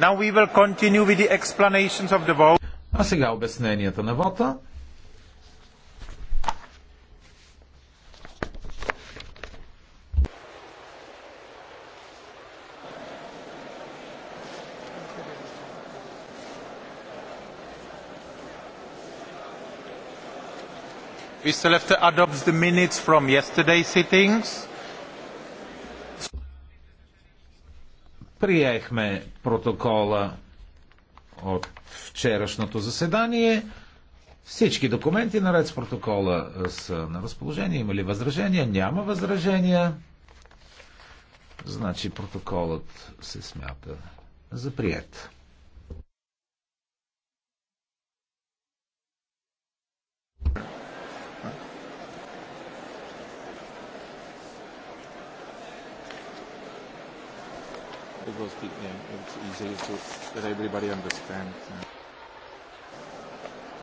Now we will continue with the explanations of the vote. А сега обясненията на вота. We still have to adopt the minutes from yesterday's sittings. Приехме протокола от вчерашното заседание. Всички документи наред с протокола е, са на разположение. Има ли възражения? Няма възражения. Значи протоколът се смята за прият. because it, yeah, it's easier to, that everybody understands. Yeah.